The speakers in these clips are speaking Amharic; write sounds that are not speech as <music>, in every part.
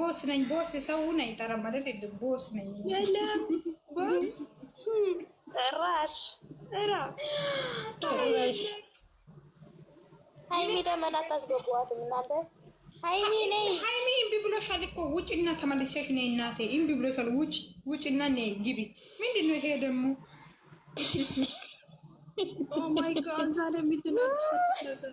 ቦስ ነኝ። ቦስ ሰውን አይጠራም አይደል? ቦስ ነኝ። የለም ቦስ ጭራሽ ራ ጭራሽ ሀይሚ ደመና ታስገቧት እናንተ። ሀይሚ ነይ ሀይሚ እምቢ ብሎሻል እኮ ውጭ እና ተመልሰሽ ነይ እናቴ። እምቢ ብሎሻል ውጭ ውጭ እና ነይ ግቢ። ምንድን ነው ይሄ ደግሞ? ኦ ማይ ጋድ ዛሬ ምንድን ነው ሰጥሽ ነገር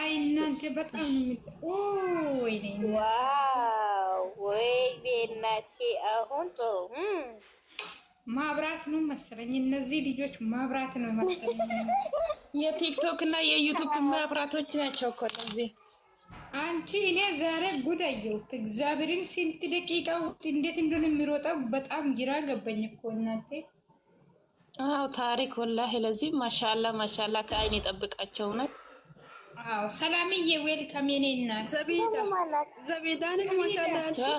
አይ እናንተ በጣም ነው የሚ ወይኔ ዋው ወይ ቤናቴ አሁን ጥሩ ማብራት ነው መሰለኝ። እነዚህ ልጆች ማብራት ነው መሰለኝ። የቲክቶክ እና የዩቱብ ማብራቶች ናቸው እኮ እነዚህ። አንቺ እኔ ዛሬ ጉድ አየሁት። እግዚአብሔርን ስንት ደቂቃ እንዴት እንደሆነ የሚሮጠው በጣም ግራ ገባኝ እኮ እናቴ። አዎ ታሪክ ወላሂ። ለዚህ ማሻላ ማሻላ ከአይን የጠብቃቸው እውነት ሰላምዬ ዌልካም የኔ እናት ዘቤዳን ማሻላልሽ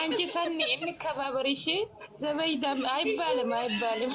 አንቺ ሰኒ እንከባበር። እሺ ዘበይዳም አይባልም አይባልም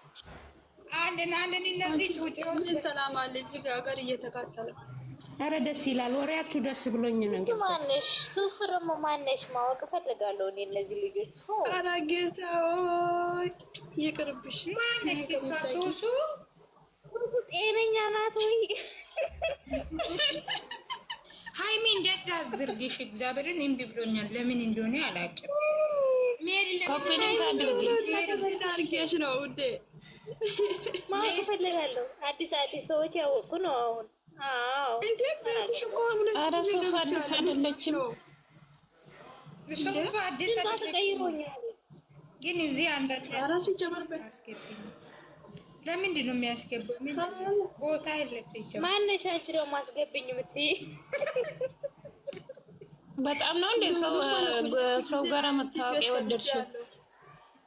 ምን ሰላም አለ እዚህ ጋር ሀገር እየተቃጠለ አረ ደስ ይላል። ወሬያችሁ ደስ ብሎኝ ነው። ማነሽ ሱፍርም ማነሽ ማወቅ እፈልጋለሁ እኔ እነዚህ ልጆች አረ ጌታዎች ይቅርብሽ። ማነሽ እሷ ሱሱ ጤነኛ ናት ወይ? ሀይሚ እንዴት አድርግሽ? እግዚአብሔርን እምቢ ብሎኛል። ለምን እንደሆነ አላውቅም። ሜሪ ለምን አድርግሽ ነው ውዴ ማወቅ እፈልጋለሁ። አዲስ አዲስ ሰዎች ያወቁ ነው አሁን። አዎ እንዴ ቤትሽ እኮ አይደለችም ግን እዚህ አንዳንድ ለምንድን ነው የሚያስገባው? ቦታ የለብኝም። ማነሽ አንቺ ደግሞ አስገብኝ የምትይ <laughs> በጣም ነው እንደ ሰው ሰው ጋር መታወቅ የወደድሽው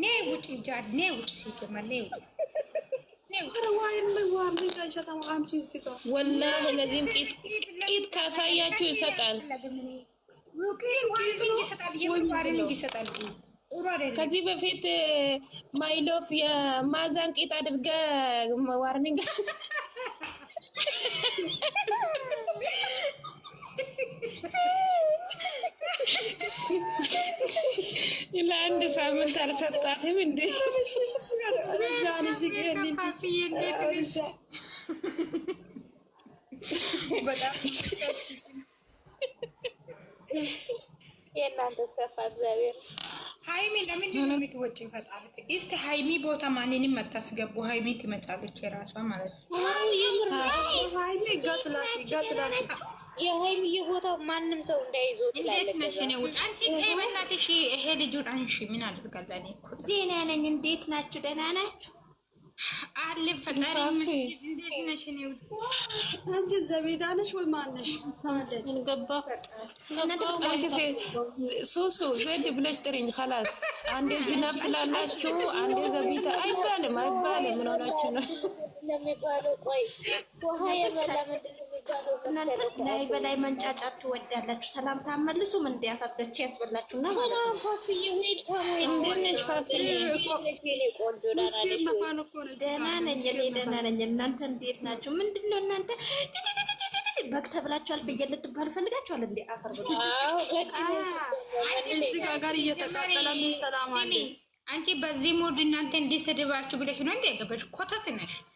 ኔ ውጭ ይጃል ኔ ውጭ ሲጀመር ኔ ውጭ ወላሂ ለዚህም ቂጥ ካሳያችሁ ይሰጣል። ከዚህ በፊት ማይሎፍ የማዛን ቂጥ አድርገ ዋርኒንግ ለአንድ ሳምንት አልሰጣትም እንዴ? የእናንተ ስከፋ እግዚአብሔር ሀይሚ ለምንድን ነው የምትወጪው? እስቲ ሀይሚ ቦታ ማንንም መታስገቡ ሀይሚ ትመጫለች የራሷ ማለት ነው። የሀይሚዬ ቦታ ማንም ሰው እንዳይዞ። እንዴት ነሽ? እኔ ውድ አንቺ ተይ በእናትሽ፣ ይሄ ልጁን አንሺ። ምን አድርጋለሁ እኔ እኮ ደህና ነኝ። እንዴት ናችሁ? ደህና ናችሁ? አለም ፈጣሪ አንቺ እዛ ነሽ ወይ ማነሽ? ገባ ሱሱ ዘድ ብለሽ ጥሪኝ። ከላስ አንዴ ዝናብ ትላላችሁ፣ አንዴ ዘቢታ አይባልም፣ አይባልም። ምን ሆናችሁ ነው እናንተ ላይ በላይ መንጫጫት ትወዳላችሁ። ሰላምታ መልሱም እንዲያፈበች ያስበላችሁና ደህና ነኝ፣ እኔ ደህና ነኝ። እናንተ እንዴት ናችሁ? ምንድን ነው እናንተ በግ ተብላችኋል? ፍየል ልትባሉ ፈልጋችኋል? እንደ አፈር እዚህ ጋር እየተቃጠለ ምን ሰላም አለ አንቺ በዚህ ሙድ እናንተ እንዲህ ብለሽ ነው እንደ ገበሽ ኮተት ነሽ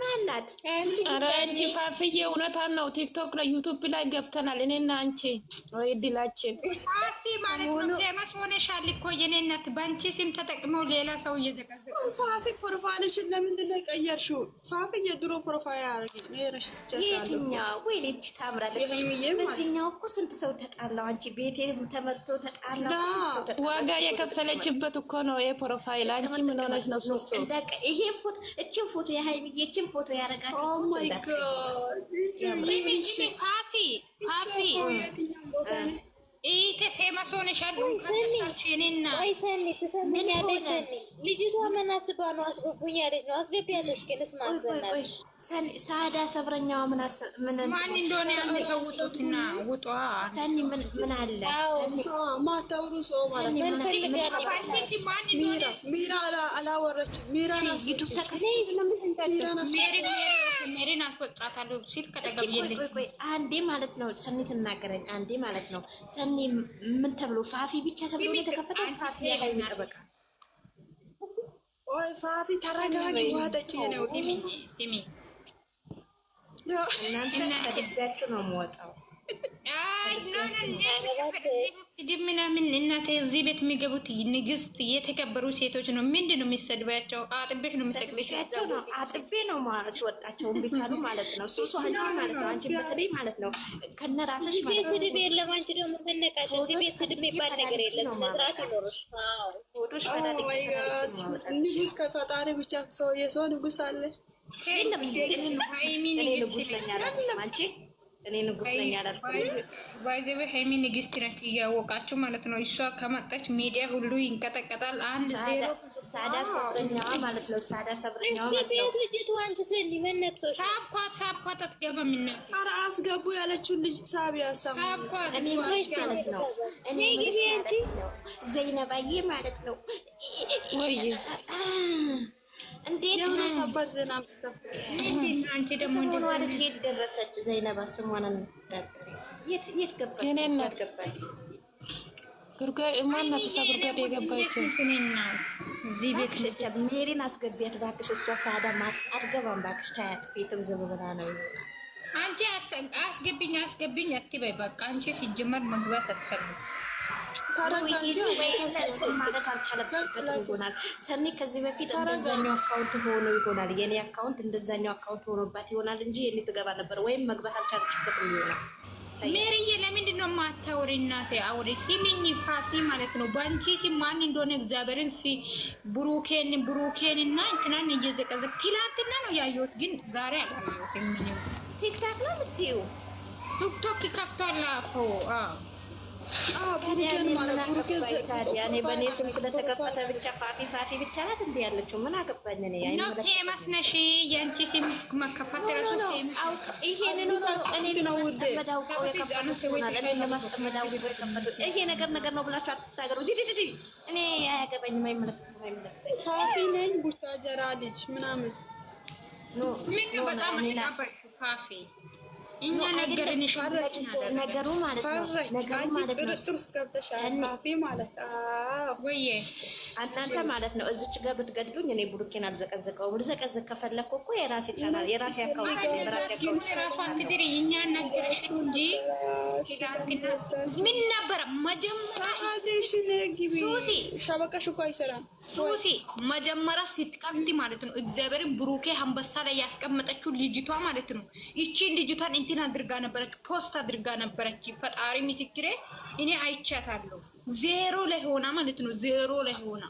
ማናት? ኧረ ፋፍዬ እውነታን ነው። ቲክቶክ ላይ ዩቱብ ላይ ገብተናል እኔና አንቺ። ወይ እድላችን ፋፊ ማለት ነው። ፌመስ ሆነሻል እኮ የእኔ እናት። በአንቺ ስም ተጠቅመው ሌላ ሰው እየዘጋገ ፋፊ ፕሮፋይልሽን ለምንድን ነው የቀየርሽው? ፋፊ የድሮ ፕሮፋይል ያረሽ የትኛው? ወይ ልጅ ታምራለች። በዚህኛው እኮ ስንት ሰው ተጣላው። አንቺ ቤቴ ተመቶ ተጣላ። ዋጋ የከፈለችበት እኮ ነው ይሄ ፕሮፋይል። አንቺ ምን ሆነሽ ነው ሱሱ ይሄ እችን ፎቶ የሀይሚዬ እችን ፎቶ ያደረጋችሁ oh ሰዎች ፋፊ ፋፊ ይህ ፌመስ ሆነሻል። ሰኒ ሰኒ ትሰሚያለሽ ሰኒ ልጅቷ ምን አስባ ነው አስገቡኝ ያለች ነው? አስገቢ ያለች ግን ሳዳ ሰብረኛዋ እንደሆነ ውጧ ሰኒ ምን አለ ማታውሩ ሰው ማለት ነው። ሚራ ሜሪን አስወጣታለሁ ሲል አንዴ ማለት ነው። ሰኒ ትናገረኝ አንዴ ማለት ነው። ሰኒ ምን ተብሎ ፋፊ ብቻ ተብሎ የተከፈተው ፋፊ ላይ ጠበቃ ቆይ ፋፊ ተረጋጊ፣ ውሃ ጠጪ ነው። እናንተ ከደጃችሁ ነው የምወጣው ስድብ ምናምን እናተ እዚህ ቤት የሚገቡት ንግስት የተከበሩ ሴቶች ነው። ምንድን ነው የሚሰድባቸው? አጥቤሽ ነው የሚሰቅልሻቸው። አጥቤ ነው ማስወጣቸው ቢቻሉ ማለት ነው። ሱሱ ማለት ነው። አንቺ ቤት ስድብ የለም። አንቺ ደግሞ መነቃቸው ቤት ስድብ የሚባል ነገር የለም። መስራት ይኖርሽ ፎቶሽ ንጉስ ከፈጣሪ ብቻ ሰው የሰው ንጉስ አለ የለም። ንጉስ ለኛ አንቺ እኔ ንጉስ ነኝ አላልኩም። ባይዘዌ ሀይሚ ንግስት ነች፣ እያወቃችሁ ማለት ነው። እሷ ከመጣች ሚዲያ ሁሉ ይንቀጠቀጣል። አንድ ዜሮ ሳዳ ሰብረኛዋ ማለት ነው። ሳዳ ሰብረኛዋ ማለት ነው። ልጅቱ አንቺ ሰኒ መነክቶሽ ሳብኳት፣ ሳብኳት አትገባም። እና አረ አስገቡ ያለችውን ልጅ ሳቢ ያሰሙ እኔ ማለት ነው። እኔ ግቢ አንቺ ዘይነባዬ ማለት ነው ወይ እንዴት ነህ? አንቺ ደግሞ ስሙን ዋለች። የት ደረሰች ዘይነባ? ስሟን እንዳትጠሪስ። የት ገባች? የእኔ እናት ገባች። ጉርጓዴ ማናት? እሷ ጉርጓዴ የገባችው እዚህ ቤት ሸቻ። ሜሪን አስገቢያት እባክሽ። እሷ ሳዳ አትገባም እባክሽ። ታያት ቤትም ዝም ብላ ነው። አንቺ አስገብኝ አስገብኝ አትበይ። በቃ አንቺ ሲጀመር መግባት አትፈልግም። ማለት አልቻለበትም ይሆናል። ሰኔ ከዚህ በፊት እንደዛኛው አካውንት ሆኖ ይሆናል። የኔ አካውንት እንደዛኛው አካውንት ሆኖባት ይሆናል እንጂ የኔ ትገባ ነበር ወይም መግባት አልቻለችበትም ይሆናል። ሜሪዬ ለምንድን ነው የማታወሪ? እናቴ አውሪ ሲሚኝ ፋፊ ማለት ነው። በአንቺ ሲም ማን እንደሆነ እግዚአብሔርን ሲ ብሩኬን ብሩኬን እና እንትናን እየዘቀዘቅ ትላንትና ነው ያየሁት፣ ግን ዛሬ አላየሁትም። ቲክታክ ነው የምትይው? ቲክቶክ ከፍቷል አፎ ያኔ በእኔ ስም ስለተከፈተ ብቻ ፋፊ ፋፊ ብቻ ናት እንዲ ያለችው ምን አገባኝ እኔ። ፌመስ ነሽ የአንቺ ስም መከፋት ራሱ ይሄንን ለማስጠመድ አውቀው የከፈቱናል። እኔን ይሄ ነገር ነገር ነው ብላችሁ አትታገሩ። እኔ አያገባኝም፣ አይመለከትም፣ ፋፊ ነኝ ቡታጀራ ልጅ ምናምን ምን በጣም ፋፊ እኛ ነገርንሽ ነገሩ ማለት ነው። ጥርጥር እናንተ ማለት ነው። እዚች ጋር ብትገድሉኝ እኔ ብሩኬን አልዘቀዘቀውም። ልዘቀዝቅ ከፈለኩ እኮ የራሴ ቻናል የራሴ አካውንት የራሴ አካውንት ራሷን ትድሪ እኛ ነገረችው እንጂ ምን ነበረ ሻበቃሽ ሱሲ መጀመሪያ ስትቀፍት ማለት ነው እግዚአብሔርን ብሩኬ አንበሳ ላይ ያስቀመጠችው ልጅቷ ማለት ነው። ይቺን ልጅቷን እንትን አድርጋ ነበረች፣ ፖስት አድርጋ ነበረች። ፈጣሪ ምስክሬ እኔ አይቻታለሁ። ዜሮ ላይ ሆና ማለት ነው ዜሮ ላይ ሆና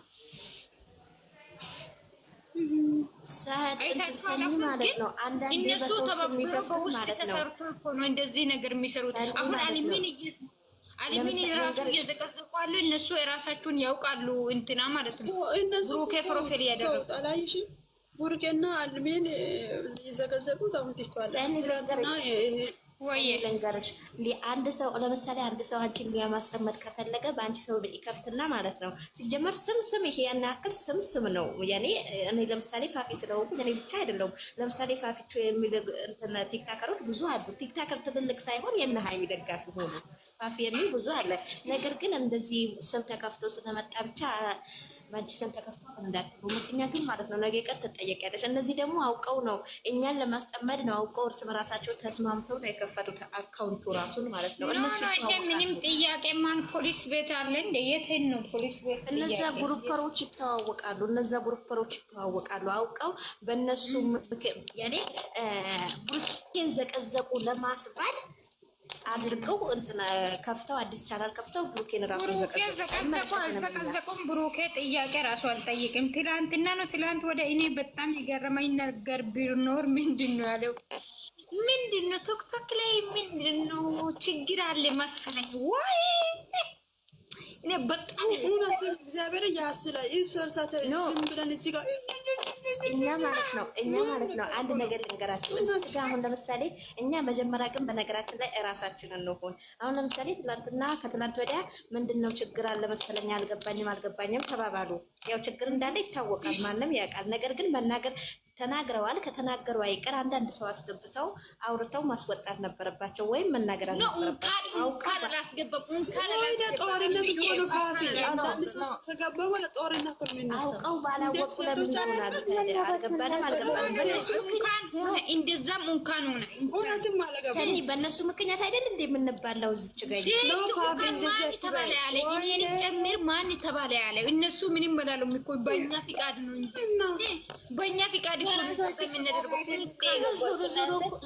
ሰኒ ማለት ነው። አንዳንዴ በሰው የሚከፍቱት ማለት ነው። ተሰርቶ እኮ ነው እንደዚህ ነገር የሚሰሩት። አሁን አለሚን አለሚን የራሱ እየዘቀዘቋሉ እነሱ የራሳቸውን ያውቃሉ። እንትና ማለት ነው እነሱ ከፕሮፌል ያደረጉ ቡርቄና አለሚን እየዘቀዘቁት አሁን ትችዋለ ልንገርሽ አንድ ሰው ለምሳሌ አንድ ሰው አንቺን ማስቀመጥ ከፈለገ በአንቺ ሰው ይከፍትና ማለት ነው። ሲጀመር ስም ስም ይሄ ያን ያክል ስም ስም ነው። ያኔ እኔ ለምሳሌ ፋፊ ስለሆንኩ እኔ ብቻ አይደለሁም። ለምሳሌ ፋፊቾ የሚል እንትን ቲክታከሮች ብዙ አሉ። ቲክታከር ትልልቅ ሳይሆን የነ ሀይሚ ደጋፊ ሆኑ ፋፊ የሚል ብዙ አለ። ነገር ግን እንደዚህ ስም ተከፍቶ ስለመጣ ብቻ በአንቺ ስም ተከፍቶ እንዳትሉ። ምክንያቱም ማለት ነው ነገ ቀን ትጠየቂያለሽ። እነዚህ ደግሞ አውቀው ነው እኛን ለማስጠመድ ነው አውቀው እርስ በራሳቸው ተስማምተው ነው የከፈቱት አካውንቱ ራሱን ማለት ነው። እነሱ ምንም ጥያቄ ማን ፖሊስ ቤት አለ እንደ የት ነው ፖሊስ ቤት? እነዛ ግሩፐሮች ይተዋወቃሉ። እነዛ ግሩፐሮች ይተዋወቃሉ። አውቀው በእነሱ ያኔ ቡርኬን ዘቀዘቁ ለማስባል አድርገው ከፍተው አዲስ ቻናል ከፍተው ብሩኬን ራሱ ዘቀዘቁም። ብሩኬ ጥያቄ ራሱ አልጠይቅም። ትላንትና ነው ትላንት ወደ እኔ በጣም የገረመኝ ነገር ቢኖር ምንድን ነው ያለው? ምንድን ነው ቶክቶክ ላይ ምንድን ነው ችግር አለ መሰለኝ ወይ እኔ በጣም እውነት እግዚአብሔር ያስላ ይሰርሳተ ዝም ብለን እዚህ ጋር እኛ ማለት ነው እኛ ማለት ነው አንድ ነገር ልንገራችሁ። እዚህ ጋር አሁን ለምሳሌ እኛ መጀመሪያ ግን በነገራችን ላይ እራሳችንን እንሆን። አሁን ለምሳሌ ትላንትና ከትላንት ወዲያ ምንድን ነው ችግር አለ መሰለኝ አልገባኝም አልገባኝም ተባባሉ። ያው ችግር እንዳለ ይታወቃል፣ ማንም ያውቃል። ነገር ግን መናገር ተናግረዋል። ከተናገሩ አይቀር አንዳንድ ሰው አስገብተው አውርተው ማስወጣት ነበረባቸው ወይም መናገር አልነበረባቸው። እንኳን ሆነ ሰኒ በእነሱ ምክንያት አይደል እንደ የምንባለው እዚች ጋ ተባለ ያለ እኔን ጨምር ማን ተባለ ያለ እነሱ ምንም አልቻለም እኮ በእኛ ፍቃድ ነው እንጂ በእኛ ፍቃድ እኮ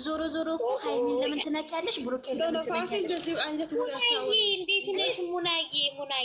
ዞሮ ዞሮ እኮ ሀይሚን ለምን ትናቂያለሽ? ብሩኬ እንደዚህ አይነት ሙናዬ ሙናዬ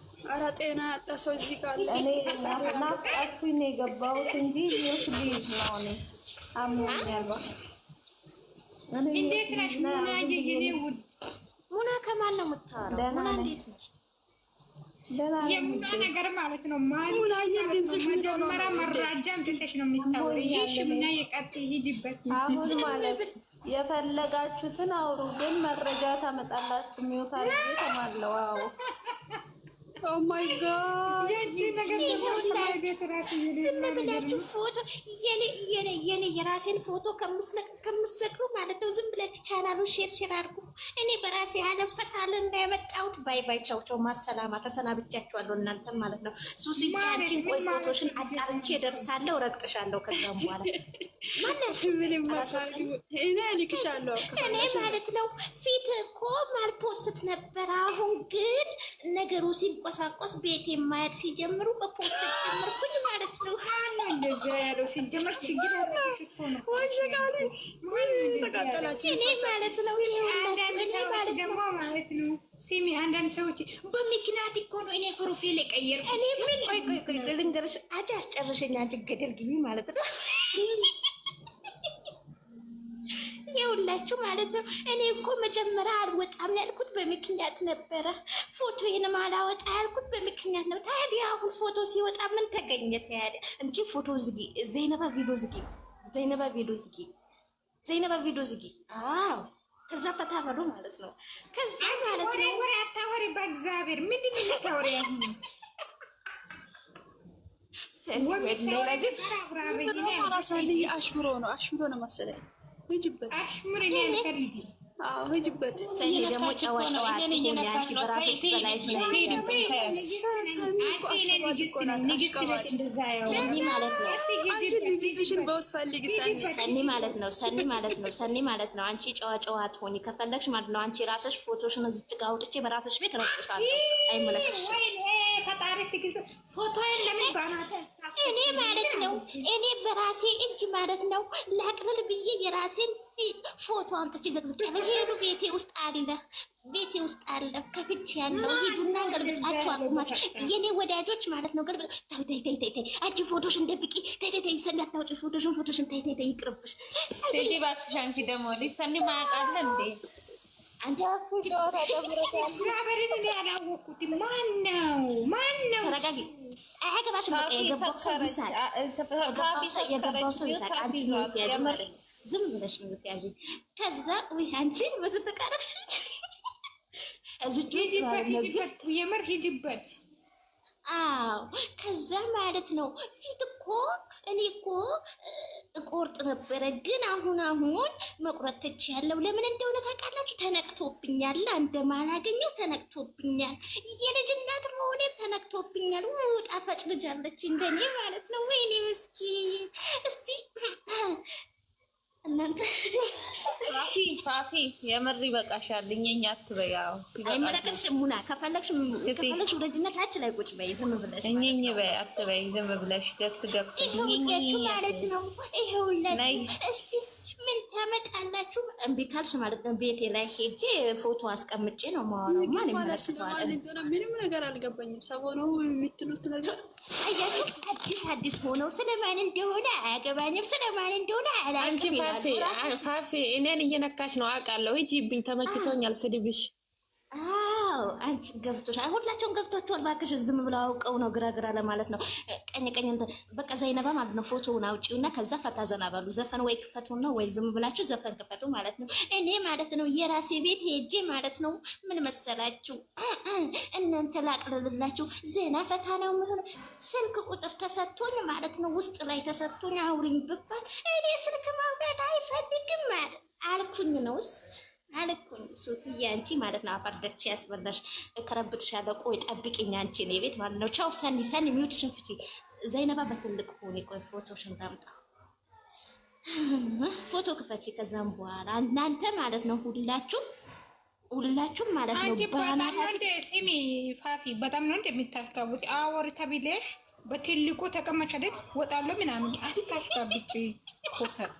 ኧረ ጤና ያጣ ሰው እዚህ እኔ ነው የገባሁት እንጂ ልይዝ ነው። እኔ አሞኛል። እንዴት ነሽ ሙና? የኔ ውድ ሙና ከማን ነው የምታወራው? ሙና እንዴት ነሽ? የሙና ነገር ማለት ነው መጀመሪያ ነው የሚታወሪ። ይሽ የቀጥ አሁን ማለት የፈለጋችሁትን አውሩ፣ ግን መረጃ ታመጣላችሁ። ሚወታ ተማለው አዎ Oh ዝም ብላችሁ ፎቶ የኔ የራሴን ፎቶ ከምትሰቅሉ ማለት ነው። ዝም ብላችሁ ቻናሉን ሼር ሼር አድርጉ። እኔ በራሴ አለፈታለ እንዳያመጣሁት ባይ ባይ ቻው ቻው ማሰላማ ተሰናብቻችኋለሁ። እናንተም ማለት ነው ሱሲ አንቺን ቆይ ፎቶሽን አጣርቼ ደርሳለሁ፣ ረግጥሻለሁ ከዛም በኋላ እኔ ማለት ነው ፊት እኮ ማልፖስት ነበር። አሁን ግን ነገሩ ሲንቆሳቆስ ቤት የማያድ ሲጀምሩ በፖስት ጀምርኩኝ ማለት ነው። ሲሚ አንዳንድ ሰዎች በምክንያት እኮ ነው እኔ ፕሮፋይል የቀየርኩት። እኔ ምን ልንገርሽ፣ አጃ አስጨርሽኝ፣ አጅ ገደል ግቢ ማለት ነው የውላችሁ ማለት ነው። እኔ እኮ መጀመሪያ አልወጣም ያልኩት በምክንያት ነበረ። ፎቶዬን አላወጣ ያልኩት በምክንያት ነው። ታዲያ አሁን ፎቶ ሲወጣ ምን ተገኘ? ታዲያ እንጂ ፎቶ ዝጊ፣ ዘይነባ ቪዲዮ ዝጊ፣ ዘይነባ ቪዲዮ ዝጊ፣ ዘይነባ ቪዲዮ ዝጊ። አዎ ከዛ ፈታ በሉ ማለት ነው። ከዛ ማለት ነው ወሬ አታወሪ። በእግዚአብሔር ምንድን ነው የምታወሪው? አሽሙሮ ነው አሽሙሮ ነው መሰለኝ ሂጅበት፣ አሽሙር እኔ አልፈልግም። አዎ ሂጅበት። ሰኒ ደግሞ ጨዋ ጨዋ ያንቺ በራስሽ በላይሽ ላይ ሰኒ ማለት ነው። ሰኒ ማለት ነው። ሰኒ ማለት ነው። አንቺ ጨዋ ጨዋ አትሆን ከፈለግሽ ማለት ነው። አንቺ ራስሽ ፎቶሽን ዝጭ አውጥቼ በራስሽ ቤት ረጥሻለሁ። አይመለከትሽም ፈጣሪ ትግስት ፎቶዬን ለምን እኔ ማለት ነው እኔ በራሴ እጅ ማለት ነው ላቅልል ብዬ የራሴን ፎቶ አምጥቼ ዘግዝቻለሁ። ሄዱ ቤቴ ውስጥ አለ ቤቴ ውስጥ አለ ከፍቼ ያለው ሂዱና ገልብጣችሁ አቁማል። የኔ ወዳጆች ማለት ነው ገልብ ተይ ተይ ተይ፣ አንቺ ፎቶሽ እንደብቂ ተይ ተይ፣ እንዳታውጪ ፎቶሽን ፎቶሽን ተይ ተይ፣ ይቅርብሽ። ባክሽ አንቺ ደግሞ ሊሰኒ ማያውቃለ እንዴ አላወኩትም። ማነው ከዛ ማለት ነው ፊት እኮ እኔ እኮ እቆርጥ ነበረ፣ ግን አሁን አሁን መቁረጥ ትችያለሁ። ለምን እንደሆነ ታውቃላችሁ? ተነቅቶብኛል። እንደማላገኘው ተነቅቶብኛል። የልጅ እናት መሆኔም ተነቅቶብኛል። ጣፋጭ ልጅ አለች እንደኔ ማለት ነው። ወይኔ ምስኪን እስቲ እናንተ ፋፊ ፋፊ የምር ይበቃሻል። እኛኛ አትበያው አይመለከትሽም። ሙና ከፈለግሽ ከፈለግሽ ወደጅና ታች ላይ ቁጭ በይ ዝም ብለሽ እኛኝ በይ አትበይ ዝም ብለሽ ደስ ገብቶ ይሄው ማለት ነው። ይሄውለት እስቲ ግን ተመጣላችሁ? እምቢ ካልሽ ማለት ነው ቤቴ ላይ ሄጄ ፎቶ አስቀምጬ ነው ማወራው። ምንም ነገር አልገባኝም። ሰሞኑ የምትሉት ነገር አዲስ አዲስ ሆነው ስለማን እንደሆነ አያገባኝም። ስለማን እንደሆነ አንቺ ፋፌ እኔን እየነካሽ ነው አውቃለሁ። ሂጂብኝ፣ ተመችቶኛል ስድብሽ አዎ አንቺ ገብቶሻል። ሁላቸውም ገብቷቸዋል። እባክሽ ዝም ብለው አውቀው ነው ግራግራ ለማለት ነው። ቀኝ ቀኝ በቃ ዘይነባ ማለት ነው። ፎቶውን አውጪው እና ከዛ ፈታ ዘና በሉ። ዘፈን ወይ ክፈቱ ነው ወይ ዝም ብላችሁ ዘፈን ክፈቱ ማለት ነው። እኔ ማለት ነው የራሴ ቤት ሄጄ ማለት ነው ምን መሰላችሁ እናንተ ላቅልልላችሁ ዜና ፈታ ነው የምሆነው። ስልክ ቁጥር ተሰጥቶኝ ማለት ነው ውስጥ ላይ ተሰጥቶኝ አውሪኝ ብባል እኔ ስልክ ማውረድ አይፈልግም አልኩኝ ነውስ አልኩኝ ሱስዬ፣ አንቺ ማለት ነው አፈርደች ያስበላሽ ከረብድሽ ያለ ቆይ ጠብቅኝ፣ አንቺ እኔ ቤት ማለት ነው። ቻው ሰኒ፣ ሰኒ ሚውትሽን ሽንፍቺ ዘይነባ በትልቅ ሆኔ ቆይ ፎቶ ዳምጣ ፎቶ ክፈቺ። ከዛም በኋላ እናንተ ማለት ነው ሁላችሁ ሁላችሁም ማለት ነው። አንቺ ሲሚ ፋፊ፣ በጣም ነው እንደሚታስጋቡት አወር ቢለሽ በትልቁ ተቀመጭ አይደል ወጣለሁ ምናምን ታብጪ ኮተት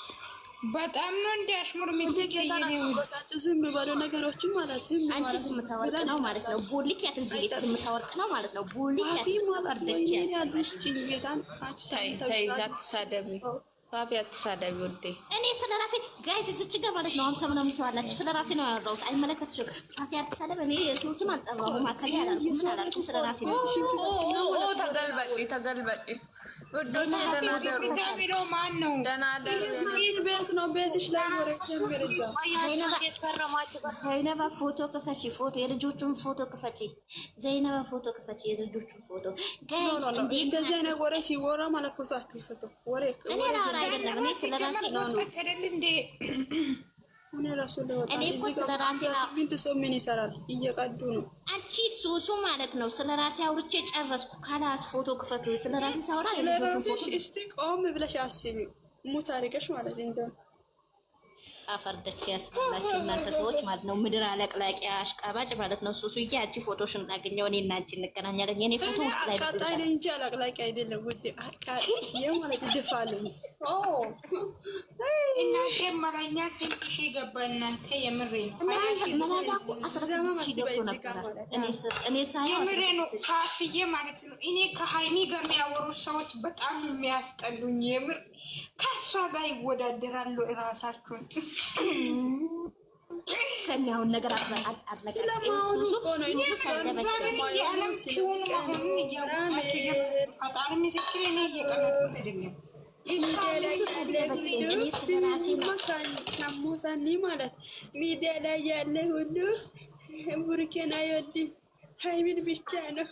በጣም ነው እንዲ አሽሙር ዝም ነገሮችን ማለት ዝም አንቺ ነው ማለት ነው። ቡልክ ያት እዚህ ቤት ነው ማለት ነው። ቡልክ ፋፊ አትሳደቢ ውዴ። እኔ ስለ ራሴ ጋይስ ስች ጋር ማለት ነው አምሳ ምናምን ሰው አላችሁ። ስለ ራሴ ነው ያወራሁት። አይመለከትሽም። ፋፊ አትሳደብ። እኔ የሰው ስም አልጠራሁም። ስለ ራሴ ነው። ዘይነባ ፎቶ ክፈቺ፣ ፎቶ የልጆቹን ፎቶ ክፈቺ። ዘይነባ ፎቶ ክፈቺ፣ የልጆቹን ፎቶ። እንደዚህ ዓይነት ወሬ ሲወራ ማለት ፎቶ አትክፈቱ። ወሬ እኔ ላወራ አይደለም እኔ ስለራሴ ነው ነው እኔ ራሱ ሰው ምን ይሰራል? እየቀዱ ነው። አንቺ ሱሱ ማለት ነው። ስለ ራሴ አውርቼ ጨረስኩ። ካላስ ፎቶ ክፈቱ። ስለ ራሴ ሳውራ እስቲ ቆም ብለሽ አስቢ። ሙት ማለት ፈርደች ያስበላችሁ እናንተ ሰዎች ማለት ነው። ምድር አለቅላቂያ አሽቃባጭ ማለት ነው። ሱሱ ዬ አንቺ ፎቶሽ እናገኘው እኔ እና አንቺ እንገናኛለን። የኔ ፎቶ ውስጥ ላይ ቃጣይ እንጂ አለቅላቂ አይደለም። ውድ አቃጣይ የማለት ድፋል እንጂ እናንተ መረኛ ስንት ሺ ገባ እናንተ የምሬ መላጋኩ አስራ ገብቶ ነበረ። እኔ ሳይ የምሬ ነው ካፍዬ ማለት ነው። እኔ ከሀይሚ ጋር የሚያወሩ ሰዎች በጣም የሚያስጠሉኝ የምር ከእሷ ጋር ይወዳደራሉ። እራሳችሁን ሰሚያሁን ነገር ፈጣሪ ማለት ሚዲያ ላይ ያለ ሁሉ ቡርኬን አይወድም ሀይሚን ብቻ ነው።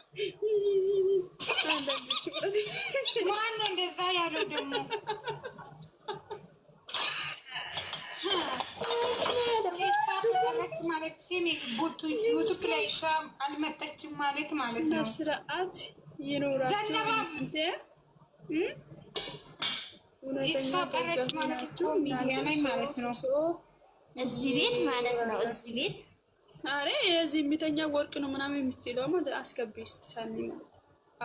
ማነው እንደዛ ያለው ደግሞ? አልመጣች ማለት ሲኔ ጉቱ ዩቱብ ላይ ሻም አልመጣችም ማለት ማለት ነው። ስርዓት ይኖራቸው እንደ ቀረች ማለት ነው። ሚዲያ ላይ ማለት ነው። እዚህ ቤት ማለት ነው። እዚህ ቤት አሬ የዚህ የሚተኛ ወርቅ ነው ምናምን የምትለው ማለት አስገቢ እስኪ ሳኒ ማለት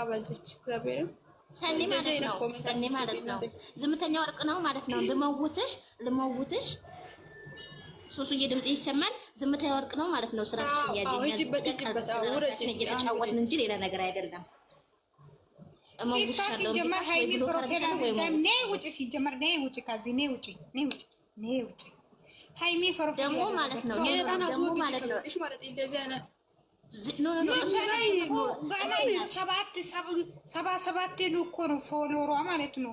አባዘች እግዚአብሔርም ሰኒ ማለት ነው። ሰኒ ማለት ነው። ዝምተኛ ወርቅ ነው ማለት ነው። ልመውትሽ ልመውትሽ ሱሱዬ ድምጽ ይሰማል። ዝምታ የወርቅ ነው ማለት ነው። ስራሽ እየተጫወትን እንጂ ሌላ ነገር አይደለም። ሲጀመር ሀይሚ ነው እኮ ነው ፎሎሯ ማለት ነው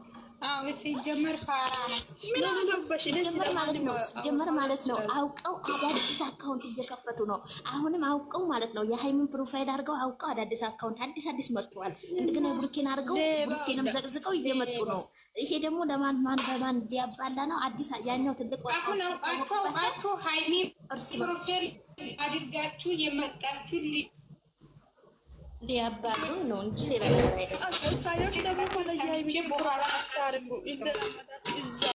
ሲጀመር ሲጀመር ማለት ነው አውቀው አዳዲስ አካውንት እየከፈቱ ነው። አሁንም አውቀው ማለት ነው የሃይሚን ፕሮፋይል አድርገው አውቀው አዳዲስ አካውንት አዲስ አዲስ መጥተዋል። እንደገና ቡርኬን አድርገው ቡርኬንም ዘቅዝቀው እየመጡ ነው። ይሄ ደግሞ ለማን ማን በማን እንዲያባላ ነው። አዲስ ያኛው ትልቅ ሀይሚ ፕሮፋይል አድርጋችሁ የመጣችሁ ሊያባሉን ነው እንጂ ሌላ ነገር አይደለም።